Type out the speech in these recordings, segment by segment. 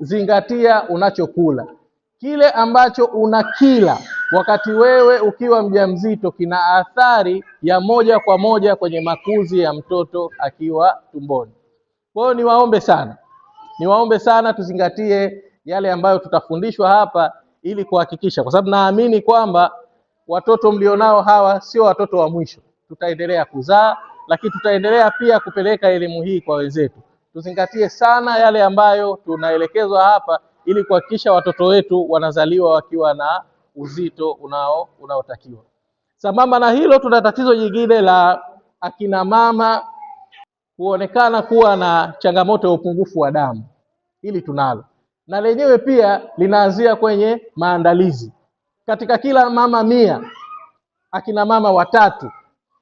zingatia unachokula. Kile ambacho unakila wakati wewe ukiwa mjamzito kina athari ya moja kwa moja kwenye makuzi ya mtoto akiwa tumboni. Kwa hiyo niwaombe sana, niwaombe sana tuzingatie yale ambayo tutafundishwa hapa ili kuhakikisha, kwa sababu naamini kwamba watoto mlionao hawa sio watoto wa mwisho. Tutaendelea kuzaa, lakini tutaendelea pia kupeleka elimu hii kwa wenzetu tuzingatie sana yale ambayo tunaelekezwa hapa, ili kuhakikisha watoto wetu wanazaliwa wakiwa na uzito unao unaotakiwa. Sambamba na hilo, tuna tatizo jingine la akina mama kuonekana kuwa na changamoto ya upungufu wa damu. Hili tunalo na lenyewe pia linaanzia kwenye maandalizi. Katika kila mama mia, akina mama watatu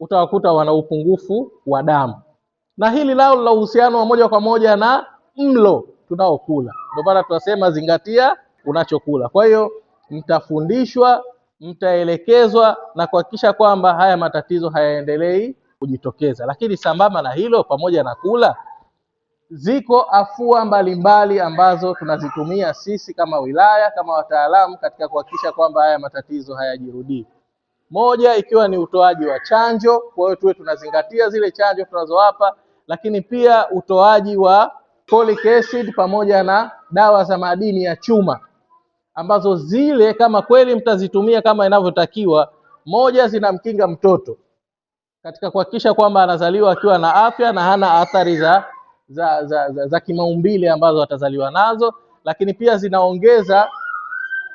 utawakuta wana upungufu wa damu na hili lao la uhusiano wa moja kwa moja na mlo tunaokula. Ndio maana tunasema zingatia unachokula. Kwa hiyo mtafundishwa, mtaelekezwa na kuhakikisha kwamba haya matatizo hayaendelei kujitokeza. Lakini sambamba na hilo, pamoja na kula, ziko afua mbalimbali mbali ambazo tunazitumia sisi kama wilaya, kama wataalamu katika kuhakikisha kwamba haya matatizo hayajirudii. Moja ikiwa ni utoaji wa chanjo. Kwa hiyo tuwe tunazingatia zile chanjo tunazowapa lakini pia utoaji wa folic acid pamoja na dawa za madini ya chuma ambazo zile kama kweli mtazitumia kama inavyotakiwa, moja, zinamkinga mtoto katika kuhakikisha kwamba anazaliwa akiwa na afya na hana athari za, za, za, za, za kimaumbile ambazo atazaliwa nazo, lakini pia zinaongeza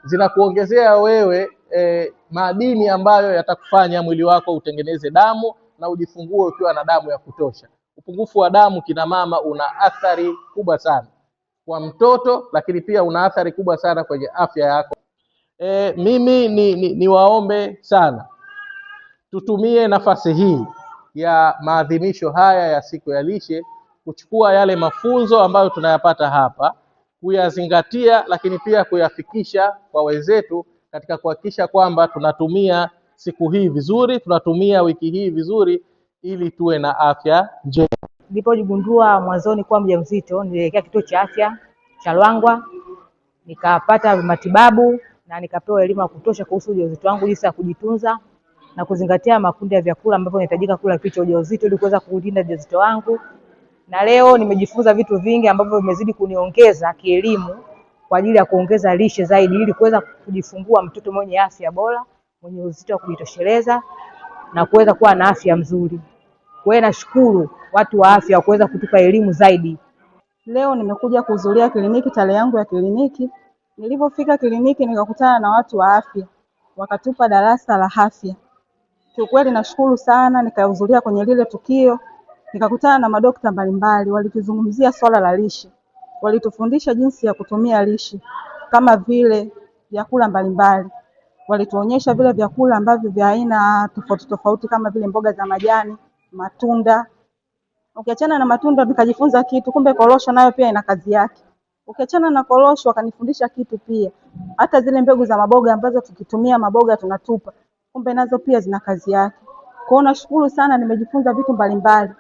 zinakuongezea wewe e, madini ambayo yatakufanya mwili wako utengeneze damu na ujifungue ukiwa na damu ya kutosha. Upungufu wa damu kina mama una athari kubwa sana kwa mtoto, lakini pia una athari kubwa sana kwenye afya yako. E, mimi ni, ni, ni waombe sana tutumie nafasi hii ya maadhimisho haya ya siku ya lishe kuchukua yale mafunzo ambayo tunayapata hapa kuyazingatia, lakini pia kuyafikisha kwa wenzetu katika kuhakikisha kwamba tunatumia siku hii vizuri, tunatumia wiki hii vizuri ili tuwe na afya njema. Nilipojigundua mwanzoni kuwa mjamzito, nilielekea kituo cha afya cha Lwangwa nikapata matibabu na nikapewa elimu ya kutosha kuhusu ujauzito wangu, jinsi ya kujitunza na kuzingatia makundi ya vyakula ambavyo nahitajika kula kipindi cha ujauzito ili kuweza kulinda ujauzito wangu. Na leo nimejifunza vitu vingi ambavyo vimezidi kuniongeza kielimu kwa ajili ya kuongeza lishe zaidi ili kuweza kujifungua mtoto mwenye afya bora, mwenye uzito wa kujitosheleza na kuweza kuwa na afya nzuri. Kwa hiyo nashukuru watu wa afya wa kuweza kutupa elimu zaidi. Leo nimekuja kuhudhuria kliniki, tarehe yangu ya kliniki. Nilipofika kliniki nikakutana na watu wa afya, wakatupa darasa la afya. Kiukweli nashukuru sana, nikahudhuria kwenye lile tukio, nikakutana na madokta mbalimbali, walikizungumzia swala la lishe, walitufundisha jinsi ya kutumia lishe kama vile vyakula mbalimbali walituonyesha vile vyakula ambavyo vya aina tofauti tofauti kama vile mboga za majani, matunda. Ukiachana na matunda nikajifunza kitu, kumbe korosho nayo pia ina kazi yake. Ukiachana na korosho wakanifundisha kitu pia, hata zile mbegu za maboga ambazo tukitumia maboga tunatupa, kumbe nazo pia zina kazi yake. kwao nashukuru sana, nimejifunza vitu mbalimbali.